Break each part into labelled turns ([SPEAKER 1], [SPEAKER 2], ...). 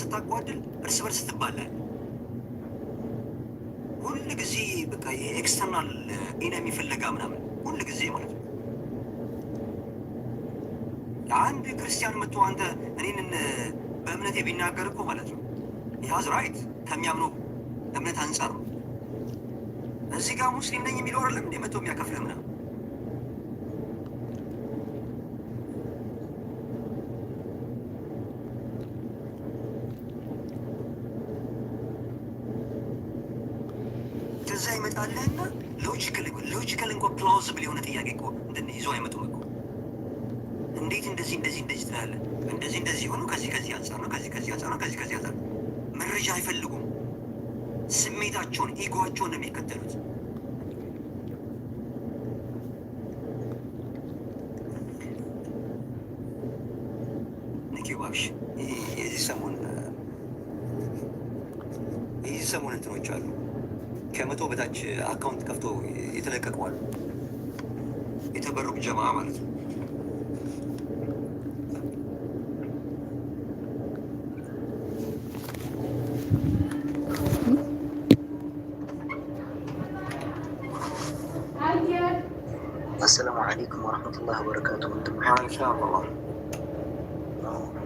[SPEAKER 1] ስታጓድል እርስ በርስ ትባላል። ሁል ጊዜ በቃ የኤክስተርናል ኢነሚ ፍለጋ ምናምን ሁል ጊዜ ማለት ነው። አንድ ክርስቲያን መጥቶ አንተ እኔን በእምነት የሚናገር እኮ ማለት ነው ያዝ ራይት ከሚያምነው እምነት አንጻር ነው። እዚህ ጋር ሙስሊም ነኝ የሚለው አይደለም እንደ መጥቶ የሚያከፍለ ምናምን ሲምፕል የሆነ ጥያቄ እኮ ይዞ አይመጡም እኮ። እንዴት እንደዚህ እንደዚህ እንደዚህ ትላለ እንደዚህ እንደዚህ ሆኖ ከዚህ ከዚህ አንጻር ነው ከዚህ ከዚህ አንጻር ነው ከዚህ ከዚህ አንጻር መረጃ አይፈልጉም። ስሜታቸውን ኢጎቸውን ነው የሚከተሉት። ባብሽ የዚህ ሰሞን የዚህ ሰሞን እንትኖች አሉ ከመቶ በታች አካውንት ከፍቶ የተለቀቀዋሉ የተበረቁ جماعة ማለት السلام عليكم ورحمة الله وبركاته وانتم
[SPEAKER 2] محمد إن شاء الله آه.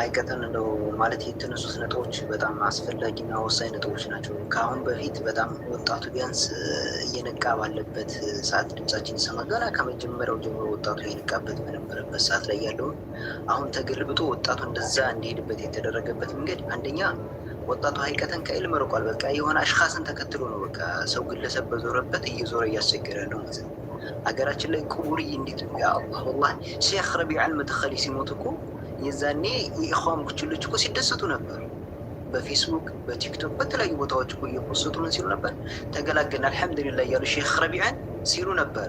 [SPEAKER 1] አይቀተን እንደው ማለት የተነሱት ነጥቦች በጣም አስፈላጊና ወሳኝ ነጥቦች ናቸው። ከአሁን በፊት በጣም ወጣቱ ቢያንስ እየነቃ ባለበት ሰዓት ድምጻችን ይሰማ። ገና ከመጀመሪያው ጀምሮ ወጣቱ እየነቃበት በነበረበት ሰዓት ላይ ያለውን አሁን ተገልብጦ ወጣቱ እንደዛ እንዲሄድበት የተደረገበት መንገድ አንደኛ ወጣቱ ሀይቀተን ከዕልም ርቋል። በቃ የሆነ አሽካስን ተከትሎ ነው። በቃ ሰው ግለሰብ በዞረበት እየዞረ እያስቸገረ ነው ማለት ነው። ሀገራችን ላይ ቁቡሪ እንዴት አላህ ሼክ ረቢዕ አልመድኸሊ ሲሞት እኮ የዛኔ የኢኽዋን ልጆች እኮ ሲደሰቱ ነበር። በፌስቡክ በቲክቶክ በተለያዩ ቦታዎች እኮ እየፖስቱ ምን ሲሉ ነበር? ተገላገልን አልሐምዱሊላህ እያሉ ሼክ ረቢዐን ሲሉ ነበር።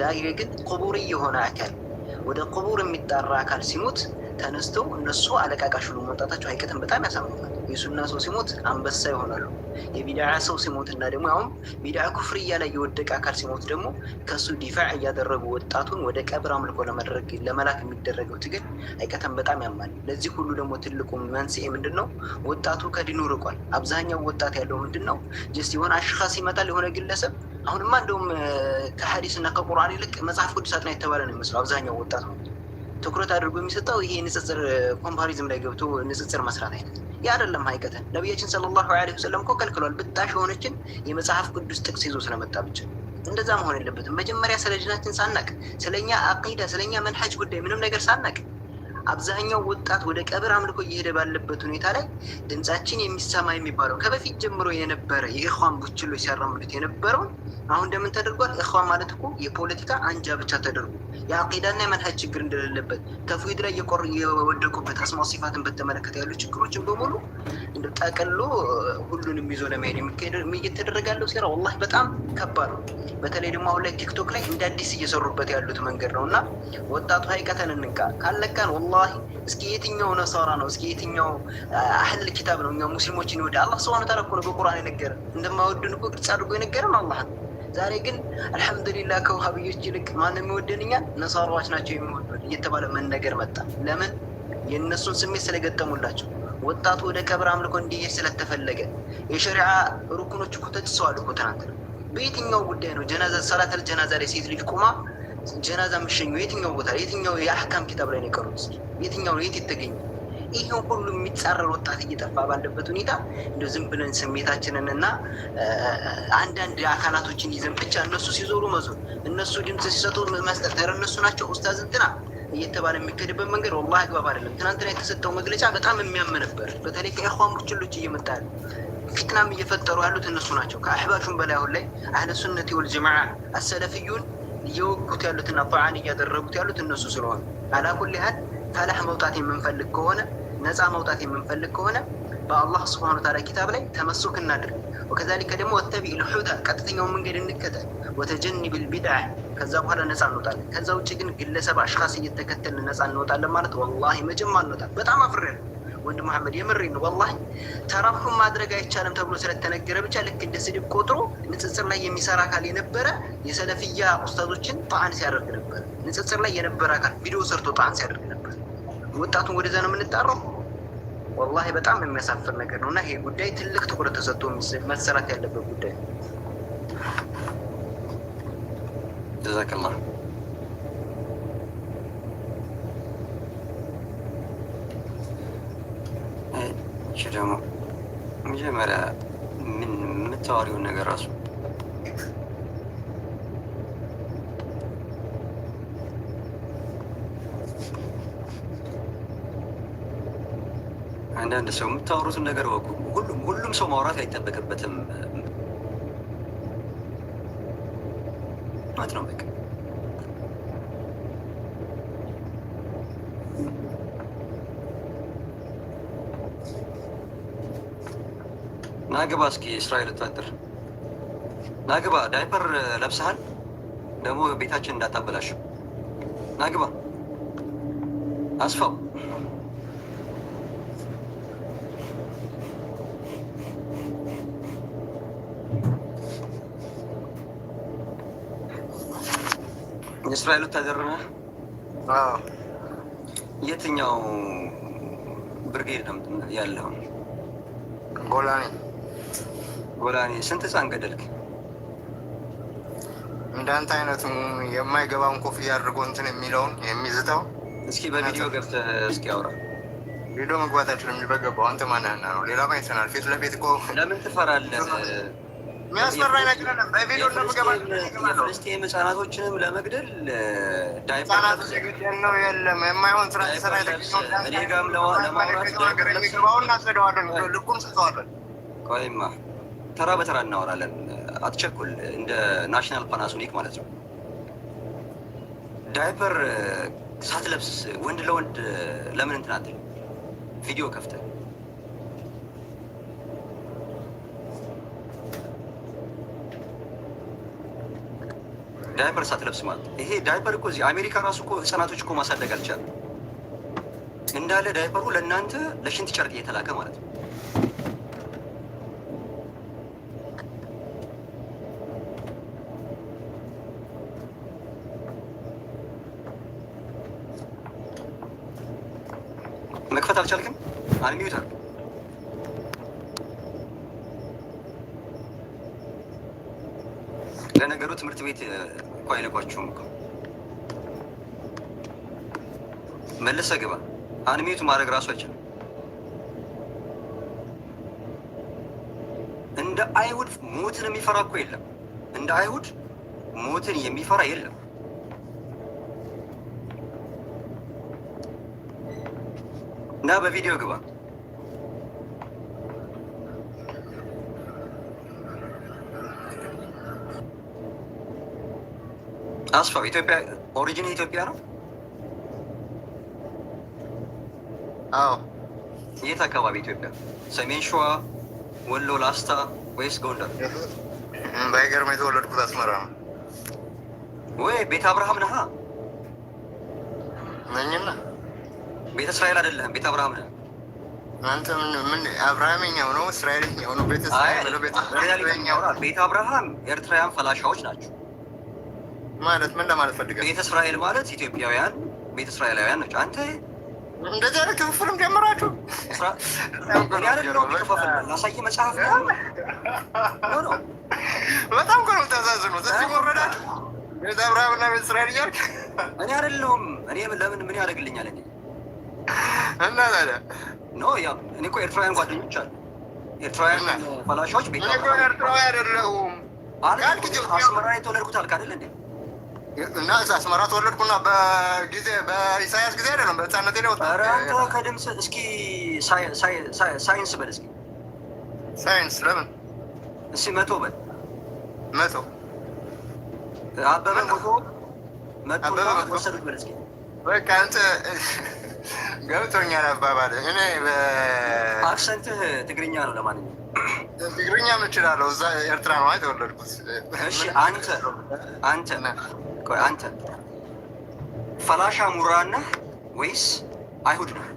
[SPEAKER 1] ዛሬ ግን ቁቡር የሆነ አካል ወደ ቁቡር የሚጠራ አካል ሲሞት ተነስተው እነሱ አለቃቃሽ ብሎ መውጣታቸው ሀይቀትን በጣም ያሳምናል። የሱና ሰው ሲሞት አንበሳ ይሆናሉ። የቢድዓ ሰው ሲሞት እና ደግሞ አሁን ቢድዓ ኩፍርያ ላይ የወደቀ አካል ሲሞት ደግሞ ከሱ ዲፋዕ እያደረጉ ወጣቱን ወደ ቀብር አምልኮ ለመድረግ ለመላክ የሚደረገው ትግል ሀቂቀትን በጣም ያማል። ለዚህ ሁሉ ደግሞ ትልቁ መንስኤ ምንድን ነው? ወጣቱ ከዲኑ ርቋል። አብዛኛው ወጣት ያለው ምንድን ነው? ጀስት የሆነ አሽኻስ ይመጣል፣ የሆነ ግለሰብ አሁንማ እንደውም ከሀዲስ እና ከቁርአን ይልቅ መጽሐፍ ቅዱስ አጥና የተባለ ነው ይመስለው አብዛኛው ወጣት ነው ትኩረት አድርጎ የሚሰጠው ይሄ ንጽጽር ኮምፓሪዝም ላይ ገብቶ ንጽጽር መስራት አይነት ያ አደለም። ሀይቀትን ነቢያችን ሰለላሁ ዐለይሂ ወሰለም እኮ ከልክሏል። ብጣሽ የሆነችን የመጽሐፍ ቅዱስ ጥቅስ ይዞ ስለመጣ ብቻ እንደዛ መሆን የለበትም። መጀመሪያ ስለ ዲናችን ሳናቅ ስለኛ አቂዳ ስለኛ መንሐጅ ጉዳይ ምንም ነገር ሳናቅ አብዛኛው ወጣት ወደ ቀብር አምልኮ እየሄደ ባለበት ሁኔታ ላይ ድምፃችን የሚሰማ የሚባለው ከበፊት ጀምሮ የነበረ የእኽዋን ቡችሎ ሲያራምዱት የነበረውን አሁን እንደምን ተደርጓል? እኽዋን ማለት እኮ የፖለቲካ አንጃ ብቻ ተደርጎ የአቂዳና የመንሃጅ ችግር እንደሌለበት ተፍዊድ ላይ የወደቁበት አስማ ሲፋትን በተመለከተ ያሉ ችግሮችን በሙሉ ጠቅሎ ሁሉንም ይዞ ለመሄድ እየተደረገ ያለው ሴራ ወላሂ በጣም ከባድ ነው። በተለይ ደግሞ አሁን ላይ ቲክቶክ ላይ እንደ አዲስ እየሰሩበት ያሉት መንገድ ነው እና ወጣቱ ሀይቀተን እንንቃ ካለቃን ወላ ወላሂ እስኪ የትኛው ነሳራ ነው? እስኪ የትኛው አህል ኪታብ ነው? እኛ ሙስሊሞችን ይወዳ አላህ ስብሃነ ወተዓላ እኮ ነው በቁርአን የነገረን። እንደማይወዱን እኮ ግልጽ አድርጎ የነገረን አላህ ዛሬ ግን አልሐምዱሊላህ ከውሃብዮች ይልቅ ማንም የሚወደን እኛን ነሳራዎች ናቸው የሚወዱን እየተባለ መነገር መጣ። ለምን? የእነሱን ስሜት ስለገጠሙላቸው ወጣቱ ወደ ቀብር አምልኮ እንዲሄድ ስለተፈለገ የሸሪዓ ሩክኖች እኮ ተጭሰዋል እኮ ትናንት። በየትኛው ጉዳይ ነው ጀናዛ ሰላተል ጀናዛ ላይ ሴት ልጅ ቁማ ጀናዛ የምሸኙ የትኛው ቦታ የትኛው የአህካም ኪታብ ላይ ነው የቀሩት? የትኛው የት የተገኘ? ይሄ ሁሉ የሚጻረር ወጣት እየጠፋ ባለበት ሁኔታ እንደ ዝም ብለን ስሜታችንን እና አንዳንድ አካላቶችን ይዘን ብቻ እነሱ ሲዞሩ መዞር፣ እነሱ ድምፅ ሲሰጡ መስጠት፣ እነሱ ናቸው ኡስታዝ እንትና እየተባለ የሚከድበት መንገድ ወላሂ አግባብ አይደለም። ትናንትና የተሰጠው መግለጫ በጣም የሚያም ነበር። በተለይ ከኢኽዋን ቡችሎች እየመጣ ፊትናም እየፈጠሩ ያሉት እነሱ ናቸው። ከአሕባሹን በላይ አሁን ላይ አህለ ሱነት ወል አሰለፍዩን እየወጉት ያሉትና ጣዓን እያደረጉት ያሉት እነሱ ስለሆኑ አላኩል ያህል ፈላህ መውጣት የምንፈልግ ከሆነ ነፃ መውጣት የምንፈልግ ከሆነ በአላህ ስብሃነ ወተዓላ ኪታብ ላይ ተመሱክ እናድርግ። ወከዛሊከ ደግሞ ወተቢ ልሑታ ቀጥተኛው መንገድ እንከተል። ወተጀኒብል ቢድዓ ከዛ በኋላ ነፃ እንወጣለን። ከዛ ውጭ ግን ግለሰብ አሽካስ እየተከተልን ነፃ እንወጣለን ማለት ወላሂ መጀመር እንወጣል። በጣም አፍሬ ነው። ወንድ መሐመድ የምሬ ነው ወላሂ ተረፉን ማድረግ አይቻልም ተብሎ ስለተነገረ ብቻ ልክ እንደ ስድብ ቆጥሮ ንጽጽር ላይ የሚሰራ አካል የነበረ የሰለፍያ ኡስታዞችን ጣን ሲያደርግ ነበር። ንጽጽር ላይ የነበረ አካል ቪዲዮ ሰርቶ ጣን ሲያደርግ ነበር። ወጣቱን ወደዛ ነው የምንጣረው። ወላ በጣም የሚያሳፍር ነገር ነው እና ይሄ ጉዳይ ትልቅ ትኩረት ተሰጥቶ መሰራት ያለበት ጉዳይ ነው።
[SPEAKER 2] ጀዛከላህ እሺ ደግሞ መጀመሪያ ምን የምታወሪውን ነገር ራሱ አንዳንድ ሰው የምታወሩትን ነገር ወቁ። ሁሉም ሁሉም ሰው ማውራት አይጠበቅበትም ማለት ነው በቃ ናግባ እስኪ እስራኤል ወታደር ናግባ። ዳይፐር ለብሰሃል ደግሞ ቤታችን እንዳታበላሽው። ናግባ አስፋው የእስራኤል ወታደር ነህ? የትኛው ብርጌድ ነው ያለው? ጎላኔ ጎላኔ ስንት ህፃን ገደልክ?
[SPEAKER 3] እንዳንተ አይነቱ የማይገባውን ኮፍያ አድርጎ እንትን የሚለውን የሚዝተው
[SPEAKER 2] እስኪ በቪዲዮ ገብተህ እስኪ አውራ።
[SPEAKER 3] ቪዲዮ መግባት አይችልም የሚበገባው አንተ ማንህና ነው? ሌላ ማይተናል ፊት ለፊት እኮ
[SPEAKER 2] ለምን ትፈራለህ?
[SPEAKER 3] የሚያስፈራ ነገር አለ። በቪዲዮ እንደምገባ
[SPEAKER 2] ህጻናቶችንም ለመግደል ህጻናቶች
[SPEAKER 3] ግድል ነው የለም የማይሆን ስራ ሰራ
[SPEAKER 2] እኔ ጋም ለማውራት
[SPEAKER 3] ገ የሚገባውን እናስደዋለን። ልቁን ስተዋለን
[SPEAKER 2] ቆይማ ተራ በተራ እናወራለን። አትቸኩል። እንደ ናሽናል ፓናሶኒክ ማለት ነው። ዳይፐር ሳትለብስ ወንድ ለወንድ ለምን እንትን ቪዲዮ ከፍተ ዳይፐር ሳትለብስ ማለት ይሄ ዳይፐር እኮ እዚህ አሜሪካ ራሱ እኮ ህጻናቶች እኮ ማሳደግ አልቻለም። እንዳለ ዳይፐሩ ለእናንተ ለሽንት ጨርቅ እየተላከ ማለት ነው። መክፈት አልቻልክም? አንሚዩት አሉ ለነገሩ ትምህርት ቤት እኮ አይልኳችሁም እኮ መልሰ ግባ። አንሚዩት ማድረግ ራሱ አይችልም። እንደ አይሁድ ሞትን የሚፈራ እኮ የለም። እንደ አይሁድ ሞትን የሚፈራ የለም። እና በቪዲዮ ግባ። አስፋው ኢትዮጵያ ኦሪጂን ኢትዮጵያ ነው። አዎ። የት አካባቢ ኢትዮጵያ? ሰሜን ሸዋ፣ ወሎ፣ ላስታ ወይስ ጎንደር?
[SPEAKER 3] ባይገርም የተወለድኩት አስመራ ነው።
[SPEAKER 2] ወይ ቤተ አብርሃም ነሃ ነኝና ቤተ እስራኤል አይደለህም፣ ቤተ አብርሃም ነህ
[SPEAKER 3] አንተ። ምን አብርሃምኛው ነው እስራኤልኛው ነው? ቤተ
[SPEAKER 2] ቤተ አብርሃም ኤርትራውያን ፈላሻዎች ናቸው
[SPEAKER 3] ማለት ምን ለማለት ፈልገህ?
[SPEAKER 2] ቤተ እስራኤል ማለት ኢትዮጵያውያን ቤተ እስራኤላውያን ናቸው። አንተ
[SPEAKER 3] እንደዚህ አይነት ክፍፍልም ጀምራችሁ
[SPEAKER 2] ላሳይ መጽሐፍ ነው።
[SPEAKER 3] በጣም እኮ ነው የምታሳዝኑት። እዚህ ወረዳችሁ ቤተ አብርሃምና ቤተ እስራኤል እያልክ
[SPEAKER 2] እኔ አይደለሁም። እኔ ለምን ምን ያደርግልኛል? እና ታዲያ ኖ ያው እኔ እኮ ኤርትራውያን ጓደኞች አሉ። ኤርትራውያን ፈላሾች ቤት
[SPEAKER 3] ኤርትራዊ አይደለሁም
[SPEAKER 2] አስመራ የተወለድኩት አልክ አይደል እንዴ?
[SPEAKER 3] እና አስመራ ተወለድኩና በጊዜ በኢሳያስ ጊዜ አይደለም በህፃነት
[SPEAKER 2] ለወጣ። ኧረ አንተ ከድምፅ እስኪ ሳይንስ በል እስኪ
[SPEAKER 3] ሳይንስ ለምን እስኪ መቶ በል መቶ
[SPEAKER 2] አበበ መቶ መቶ ወሰዱት
[SPEAKER 3] በል እስኪ በቃ አንተ ገብቶኛል አባባል። እኔ
[SPEAKER 2] አክሰንትህ ትግርኛ ነው። ለማንኛውም
[SPEAKER 3] ትግርኛ ምችላለሁ። እዛ ኤርትራ ነው የተወለድኩት።
[SPEAKER 2] አንተ አንተ አንተ ፈላሻ ሙራ ነህ ወይስ አይሁድ ነህ?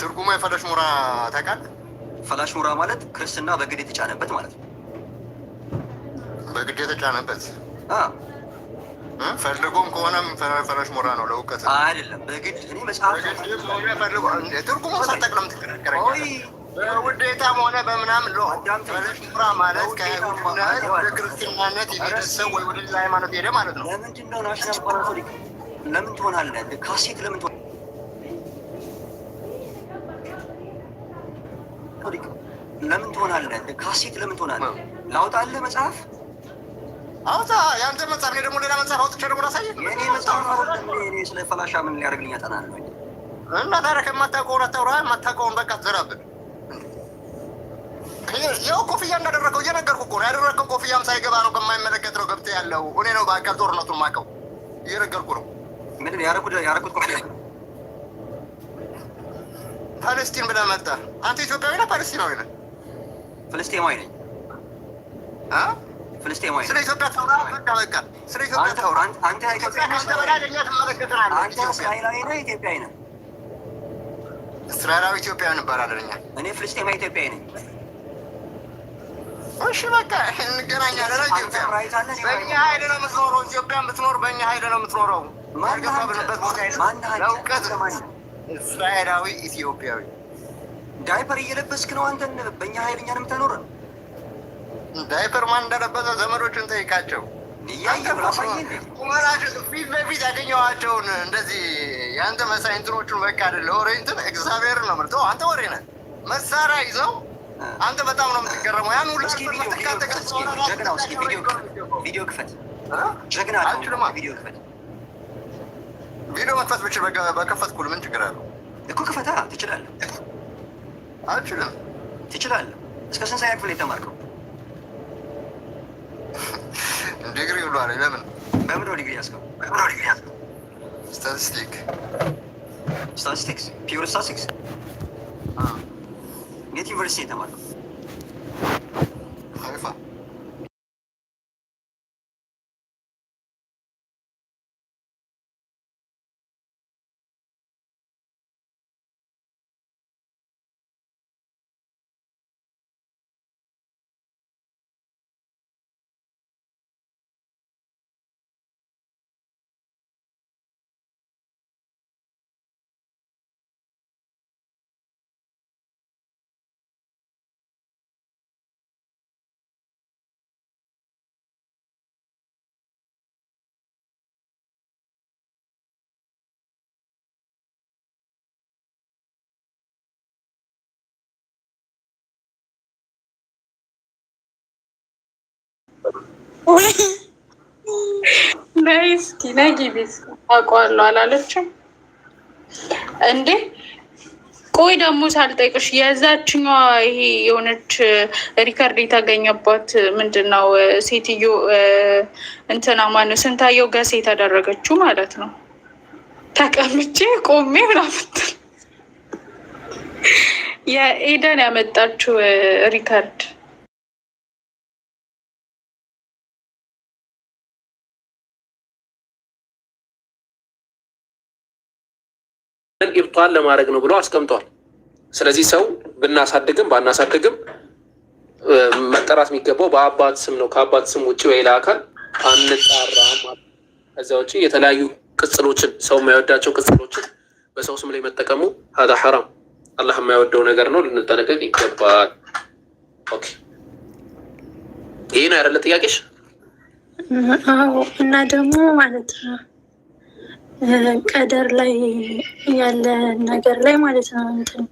[SPEAKER 3] ትርጉማ የፈላሽ ሙራ ታውቃለህ?
[SPEAKER 2] ፈላሽ ሙራ ማለት ክርስትና በግድ የተጫነበት ማለት ነው።
[SPEAKER 3] በግድ የተጫነበት ፈልጎም ከሆነም ፈረሽ ሞራ ነው ለእውቀት
[SPEAKER 2] አይደለም። በግድ እኔ መጽሐፍ
[SPEAKER 3] ትርጉሙ ሰጠቅ ነው
[SPEAKER 2] የምትከራከረኝ።
[SPEAKER 3] በውዴታም ሆነ በምናምን ፈረሽ ሞራ ማለት ከአይሁድነት ወደ ክርስትናነት የደረሰው ወይ ወደ ሌላ ሃይማኖት ሄደ ማለት
[SPEAKER 2] ነው። ለምንድን ነው ናሽናል ፓራቶሊክ ለምን ትሆናለህ? ካሴት ለምን ትሆ ለምን ትሆናለህ? ካሴት ለምን ትሆናለህ? ላውጣልህ መጽሐፍ
[SPEAKER 3] አውጣ የአንተ መጽሐፍ እኔ ደግሞ ሌላ መጽሐፍ አውጥቼ ደግሞ ላሳየህ።
[SPEAKER 2] ስለ ፈላሻ ምን ሊያደርግልኝ ያጠናል
[SPEAKER 3] እና ታዲያ ከማታውቀውን አታውራ፣ የማታውቀውን በቃ ትዘራብን። ይኸው ኮፍያ እንዳደረከው እየነገርኩህ እኮ ነው። ያደረግከው ኮፍያም ሳይገባ ነው፣ ከማይመለከት ነው ገብተህ ያለው። እኔ ነው በአካል ጦርነቱን የማውቀው፣ እየነገርኩህ ነው።
[SPEAKER 2] ምንድን ያደረኩት ኮፍያ
[SPEAKER 3] ፓለስቲን ብለህ መጣህ። አንተ ኢትዮጵያዊ ነህ ፓለስቲናዊ ነህ?
[SPEAKER 2] ፍልስጤማዊ ነኝ። ፍልስጤማዊ
[SPEAKER 3] ስለ ኢትዮጵያ ተውራ በቃ
[SPEAKER 2] በቃ ስለ ኢትዮጵያ ተውራ። አንተ እስራኤላዊ ነህ ኢትዮጵያዊ ነህ?
[SPEAKER 3] እስራኤላዊ ኢትዮጵያዊ እንባላለን እኛ።
[SPEAKER 2] እኔ ፍልስጤማዊ ኢትዮጵያዊ ነኝ።
[SPEAKER 3] እሺ በቃ እንገናኛለን። ኢትዮጵያ በእኛ ኃይል ነው የምትኖረው። ኢትዮጵያ የምትኖር በእኛ ኃይል ነው የምትኖረው። ያልገባብንበት ቦታ ለእውቀት እስራኤላዊ ኢትዮጵያዊ
[SPEAKER 2] ዳይፐር እየለበስክ ነው አንተን በእኛ ኃይል እኛን የምታኖረን
[SPEAKER 3] ዳይፐር ማን እንደለበሰ ዘመዶቹን ጠይቃቸው። ቁመናቸው ፊት ለፊት ያገኘኋቸውን እንደዚህ የአንተ መሳይ እንትኖቹን በቃ አይደለ ወሬ እንትን እግዚአብሔርን ነው ምርተው አንተ ወሬ ነህ። መሳሪያ ይዘው አንተ በጣም ነው የምትገረመው። ያን ሁሉ ቪዲዮ ክፈት፣ ቪዲዮ መክፈት ብችል በከፈትኩል ምን ችግር አለው
[SPEAKER 2] እኮ። ክፈታ ትችላለህ። አልችልም። ትችላለህ። እስከ ስንት ክፍል የተማርከው?
[SPEAKER 3] ዲግሪ ብሏል። ለምን
[SPEAKER 2] በምን ዲግሪ ያስገቡ? በምን ዲግሪ ያስገቡ? ስታቲስቲክ ስታቲስቲክስ ፒውር ስታቲስቲክስ የት ዩኒቨርሲቲ የተማርነው?
[SPEAKER 3] ነይ እስኪ ነይ ግቢ አውቀዋለሁ አላለችም እንዴ? ቆይ ደግሞ ሳልጠይቅሽ የዛችኛዋ ይሄ የሆነች ሪከርድ የተገኘባት ምንድን ነው ሴትዮ እንትና ነው ስንታየው ገሴ የተደረገችው ማለት ነው። ተቀምቼ ቆሜ ምናምን የኤደን ያመጣችው ሪከርድ ኢብጧል ለማድረግ ነው ብሎ አስቀምጧል። ስለዚህ ሰው ብናሳድግም ባናሳድግም መጠራት የሚገባው በአባት ስም ነው። ከአባት ስም ውጭ በሌላ አካል አንጠራም። ከዚያ ውጭ የተለያዩ ቅጽሎችን ሰው የማይወዳቸው ቅጽሎችን በሰው ስም ላይ መጠቀሙ ሀዛ ሐራም፣ አላህ የማይወደው ነገር ነው። ልንጠነቀቅ ይገባል። ይህን አይደለ ጥያቄሽ? እና ደግሞ ማለት ነው ቀደር ላይ ያለ ነገር ላይ ማለት ነው እንትን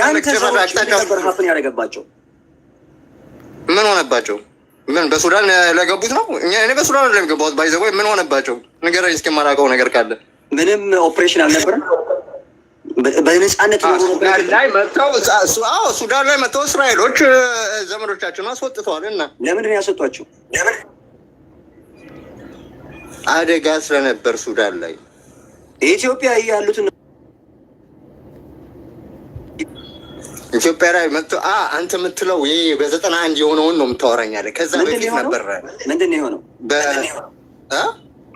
[SPEAKER 3] ያን ምን ሆነባቸው? ምን በሱዳን ለገቡት ነው? እኔ በሱዳን ለሚገባት ባይዘ ምን ሆነባቸው? ንገረኝ የማላውቀው ነገር ካለ ምንም ኦፕሬሽን አልነበረም። በነጻነት ሱዳን ላይ መጥተው እስራኤሎች ዘመዶቻቸውን አስወጥተዋል። እና ለምንድን ያስወጧቸው? አደጋ ስለነበር ሱዳን ላይ የኢትዮጵያ ያሉትን ኢትዮጵያ ላይ መጥቶ አንተ የምትለው ይ በዘጠና አንድ የሆነውን ነው የምታወራኛለህ። ከዛ በፊት ነበር ምንድን የሆነው?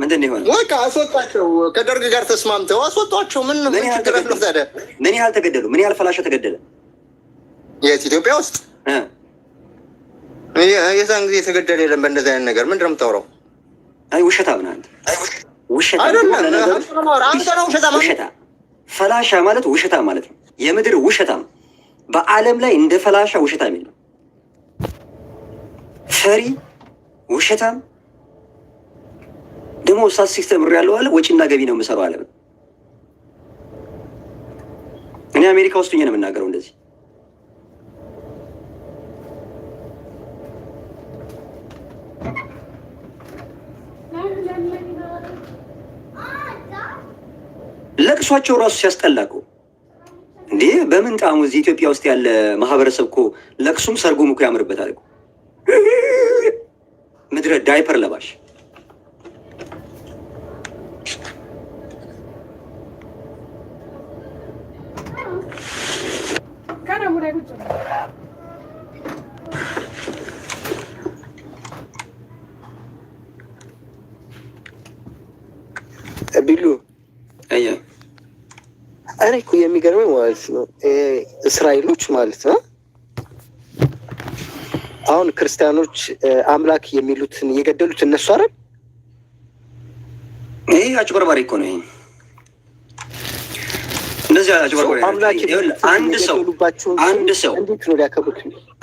[SPEAKER 3] ምንድን ነው የሆነው? በቃ አስወጧቸው። ከደርግ ጋር ተስማምተው አስወጧቸው። ምን ምን ችግር አለው ታዲያ? ምን ያህል ተገደሉ? ምን ያህል ፈላሻ ተገደለ? የት ኢትዮጵያ ውስጥ የዛን ጊዜ የተገደለ የለም። በእንደዚህ አይነት ነገር ምንድን ነው የምታወራው? አይ ውሸታ ምን አንተ ውሸታ ፈላሻ ማለት ውሸታ ማለት ነው። የምድር ውሸታም በዓለም ላይ እንደ ፈላሻ ውሸታም የለም። ፈሪ ውሸታም ደግሞ እሳት ሲስተምር ያለው አለ ወጪና ገቢ ነው የምሰራው አለ። እኔ አሜሪካ ውስጥ ነው የምናገረው እንደዚህ ለቅሷቸው ራሱ ሲያስጠላቁ እኮ እንዴ! በምን ጣሙ እዚህ ኢትዮጵያ ውስጥ ያለ ማህበረሰብ እኮ ለቅሱም ሰርጉም እኮ ያምርበታል ምድረ ዳይፐር ለባሽ ቢሉ እኔ እኮ የሚገርመኝ ማለት ነው እስራኤሎች ማለት ነው አሁን ክርስቲያኖች አምላክ የሚሉትን የገደሉት እነሱ አይደል? ይህ አጭበርባሪ እኮ ነው። እንደዚህ አንድ ሰው አንድ ሰው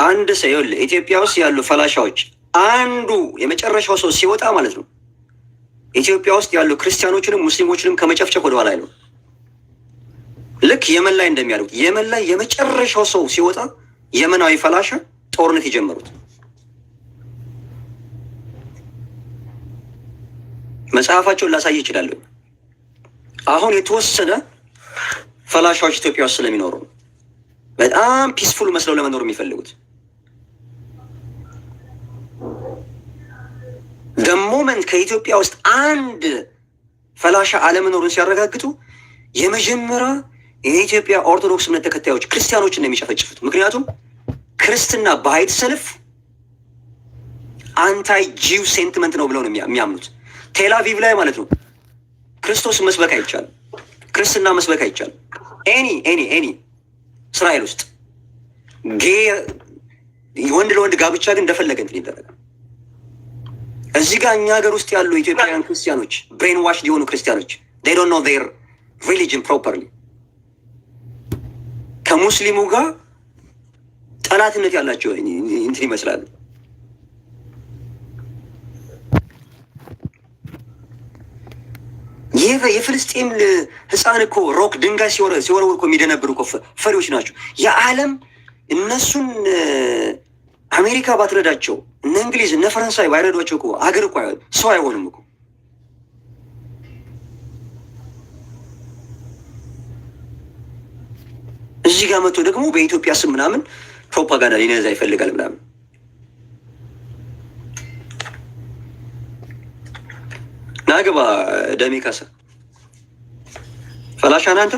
[SPEAKER 3] አንድ ሰው ይኸውልህ ኢትዮጵያ ውስጥ ያሉ ፈላሻዎች አንዱ የመጨረሻው ሰው ሲወጣ ማለት ነው ኢትዮጵያ ውስጥ ያሉ ክርስቲያኖችንም ሙስሊሞችንም ከመጨፍጨፍ ወደኋላ ነው። ልክ የመን ላይ እንደሚያደርጉት የመን ላይ የመጨረሻው ሰው ሲወጣ የመናዊ ፈላሻ ጦርነት የጀመሩት መጽሐፋቸውን ላሳይ ይችላሉ። አሁን የተወሰነ ፈላሻዎች ኢትዮጵያ ውስጥ ስለሚኖሩ ነው። በጣም ፒስፉል መስለው ለመኖር የሚፈልጉት ደሞመንት ከኢትዮጵያ ውስጥ አንድ ፈላሻ አለመኖሩን ሲያረጋግጡ የመጀመሪያ የኢትዮጵያ ኦርቶዶክስ እምነት ተከታዮች ክርስቲያኖች ነው የሚጨፈጭፉት። ምክንያቱም ክርስትና በሀይት ሰልፍ አንታይ ጂው ሴንቲመንት ነው ብለው ነው የሚያምኑት። ቴላቪቭ ላይ ማለት ነው ክርስቶስ መስበክ አይቻልም፣ ክርስትና መስበክ አይቻልም። ኤኒ ኤኒ ኤኒ እስራኤል ውስጥ ጌ ወንድ ለወንድ ጋብቻ ግን እንደፈለገ እንትን ይደረጋል። እዚህ ጋር እኛ ሀገር ውስጥ ያሉ ኢትዮጵያውያን ክርስቲያኖች ብሬን ዋሽ የሆኑ ክርስቲያኖች ዴይ ዶንት ኖ ዜር ሪሊጅን ፕሮፐርሊ ከሙስሊሙ ጋር ጠላትነት ያላቸው እንትን ይመስላል። የፍልስጤም ህፃን እኮ ሮክ ድንጋይ ሲወረውር እኮ የሚደነብሩ እኮ ፈሪዎች ናቸው። የዓለም እነሱን አሜሪካ ባትረዳቸው እነ እንግሊዝ እነ ፈረንሳይ ባይረዷቸው እኮ አገር እኮ ሰው አይሆንም እኮ እዚህ ጋር መጥቶ ደግሞ በኢትዮጵያ ስም ምናምን ፕሮፓጋንዳ ሊነዛ ይፈልጋል ምናምን ናግባ ደሜ ካሳ ፈላሻ ነህ አንተ።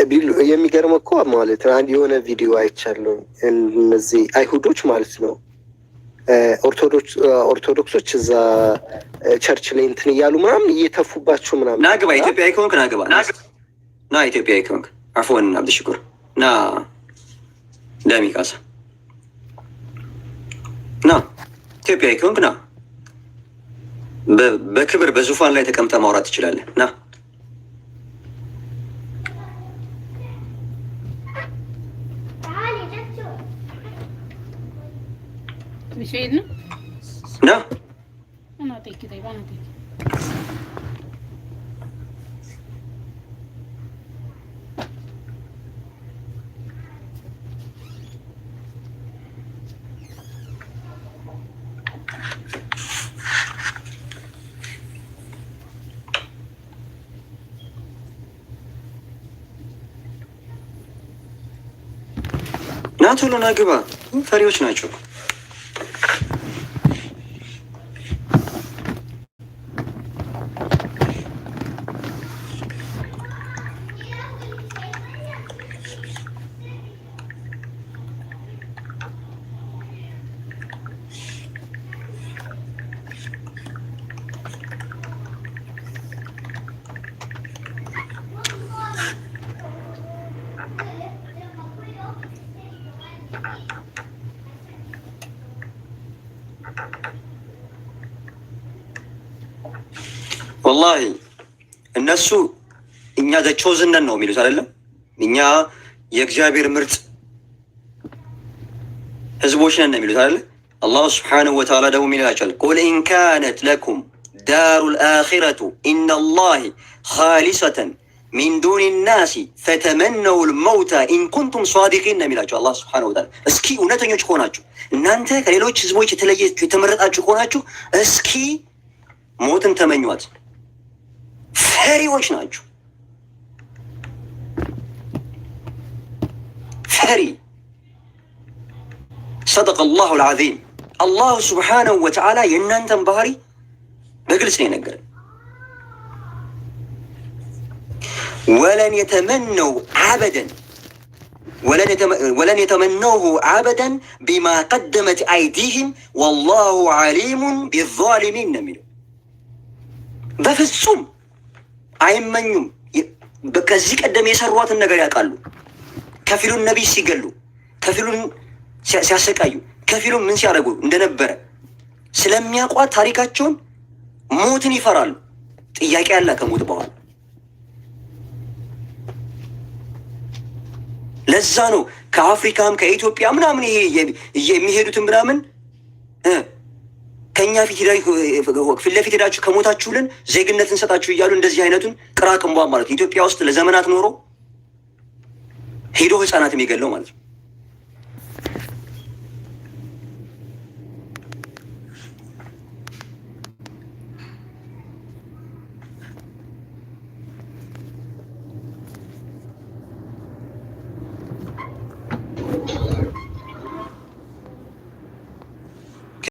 [SPEAKER 3] eh, የሚገርም እኮ ማለት አንድ የሆነ ቪዲዮ አይቻለሁ። እነዚህ አይሁዶች ማለት ነው eh, eh, ኦርቶዶክሶች እዛ ቸርች ላይ እንትን እያሉ ምናምን እየተፉባቸው ምናምን ናግባ ኢትዮጵያ ከሆንክ ናግባ ና ኢትዮጵያ ከሆንክ አፎን አብድሽኩር ና ለሚቃሳ ና ኢትዮጵያዊ ከሆንክ ና በክብር በዙፋን ላይ ተቀምጠ ማውራት ትችላለህ። ና ና ናት ቶሎ ና ግባ። ፈሪዎች ናቸው። ወላሂ እነሱ እኛ ዘቾዝነን ነው የሚሉት አይደለም። እኛ የእግዚአብሔር ምርጥ ህዝቦች ነን ነው የሚሉት አይደለም። አላሁ ስብሓነሁ ወተዓላ ደግሞ ምን ይላቸዋል? ቁል ኢን ካነት ለኩም ዳሩ ልአኪረቱ ኢነላሂ ካሊሰተን ሚን ናሲ ፈተመነውል መውታ ኢንኩንቱም ሷዲቂን ነው የሚላቸው አላህ ስብሐነሁ ወተዓላ። እስኪ እውነተኞች ከሆናችሁ እናንተ ከሌሎች ህዝቦች የተለየችሁ የተመረጣችሁ ከሆናችሁ እስኪ ሞትን ተመኟት፣ ፈሪዎች ናችሁ። ፈሪ ሰደቀ አላሁ አልዓዚም። አላሁ ስብሐነሁ ወተዓላ የእናንተን ባህሪ በግልጽ ነው የነገረን። ወለን የተመነው አበደን ወለን የተመነውሁ አበደን ቢማ ቀደመት አይዲህም ወላሁ አሊሙን ቢዛሊሚን ነው የሚለው። በፍጹም አይመኙም። ከዚህ ቀደም የሰሯትን ነገር ያውቃሉ። ከፊሉን ነቢይ ሲገሉ፣ ከፊሉን ሲያሰቃዩ፣ ከፊሉን ምን ሲያደርጉ እንደነበረ ስለሚያውቋት ታሪካቸውን ሞትን ይፈራሉ። ጥያቄ አለ ከሞት በኋላ ለዛ ነው ከአፍሪካም ከኢትዮጵያ ምናምን ይሄ የሚሄዱትን ምናምን ከእኛ ፊት ለፊት ሄዳችሁ ከሞታችሁልን ዜግነት እንሰጣችሁ እያሉ እንደዚህ አይነቱን ቅራቅንቧን ማለት ኢትዮጵያ ውስጥ ለዘመናት ኖሮ ሄዶ ህፃናት የሚገለው ማለት ነው።